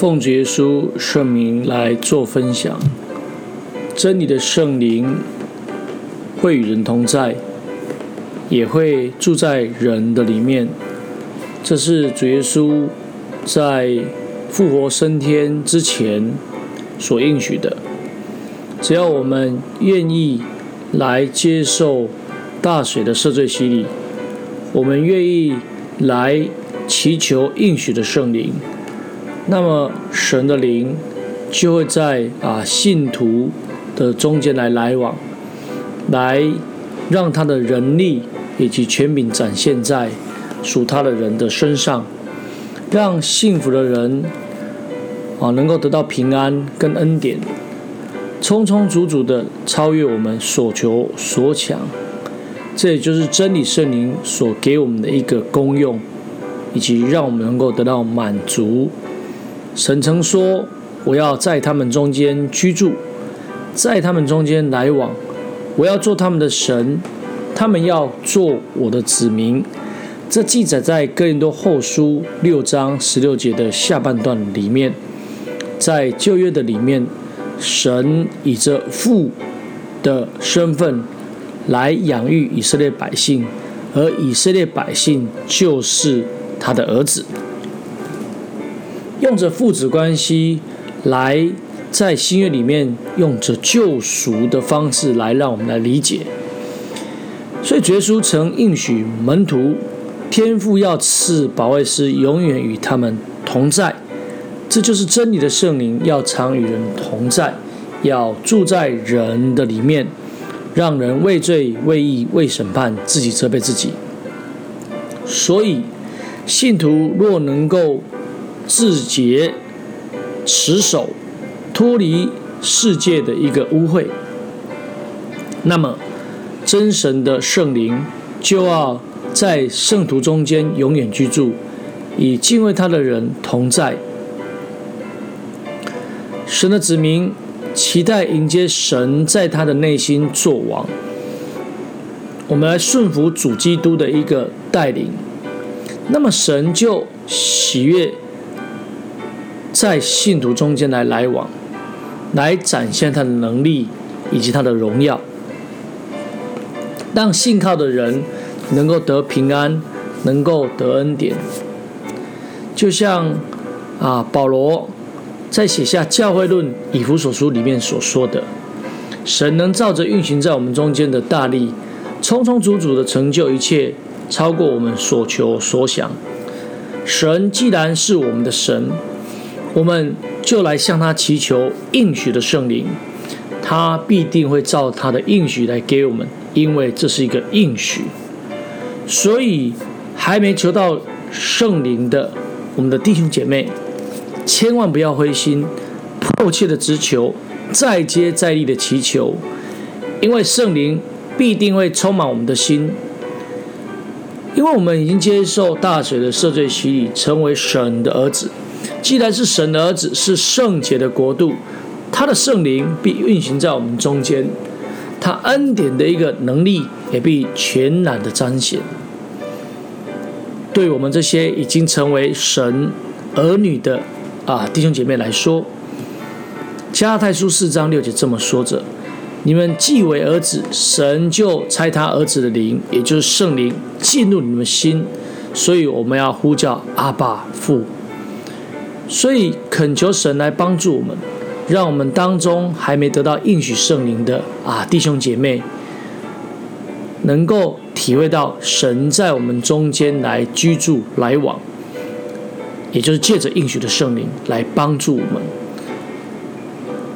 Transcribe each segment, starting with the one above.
奉主耶穌聖名來做分享，真理的聖靈會與人同在，也會住在人的裡面。這是主耶穌在復活升天之前所應許的。只要我們願意來接受大水的赦罪洗禮，我們願意來祈求應許的聖靈。那麼，神的靈就會在啊信徒的中間來來往，來讓他的能力以及權柄展現在屬他的人的身上，讓幸福的人啊能夠得到平安跟恩典，充充足足的超越我們所求所想。這也就是真理聖靈所給我們的一個功用，以及讓我們能夠得到滿足。神曾說：“我要在他們中間居住，在他們中間來往，我要做他們的神，他們要做我的子民。”這記載在哥林多後書六章十六節的下半段裡面，在舊約的裡面，神以着父的身份來養育以色列百姓，而以色列百姓就是他的兒子。用着父子關係來在新約裡面，用着救贖的方式來讓我們來理解。所以，耶穌曾應許門徒，天父要賜保惠師永遠與他們同在。這就是真理的聖靈要常與人同在，要住在人的裡面，讓人為罪、為義、為審判，自己責備自己。所以，信徒若能夠。自潔、持守、脫離世界的一個污穢。那麼，真神的聖靈就要在聖徒中間永遠居住，與敬畏他的人同在。神的子民期待迎接神在他的內心做王。我們來順服主基督的一個帶領，那麼神就喜悅。在信徒中間來來往，來展現他的能力以及他的榮耀，讓信靠的人能夠得平安，能夠得恩典。就像啊，保羅在寫下教會論以弗所書裡面所說的：“神能照着運行在我們中間的大力，充充足足的成就一切，超過我們所求所想。”神既然是我們的神。我們就來向他祈求應許的聖靈，他必定會照他的應許來給我們，因為這是一個應許。所以，還沒求到聖靈的我們的弟兄姐妹，千萬不要灰心，迫切的直求，再接再厲的祈求，因為聖靈必定會充滿我們的心，因為我們已經接受大水的赦罪洗禮，成為神的兒子。既然是神的兒子，是聖潔的國度，他的聖靈必運行在我們中間，他恩典的一個能力也必全然的彰顯。對我們這些已經成為神兒女的啊弟兄姐妹來說，《加拉太書四章六節》這麼說着：“你們既為兒子，神就差他兒子的靈，也就是聖靈進入你們的心。”所以我們要呼叫阿爸父。所以懇求神來幫助我們，讓我們當中還沒得到應許聖靈的啊弟兄姐妹，能夠體會到神在我們中間來居住來往，也就是借着應許的聖靈來幫助我們，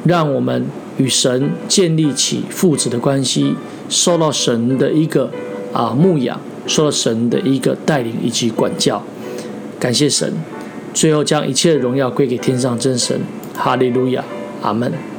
讓我們與神建立起父子的關係，受到神的一個啊牧養，受到神的一個帶領以及管教，感謝神。最後，將一切的榮耀歸給天上真神。哈利路亞，阿門。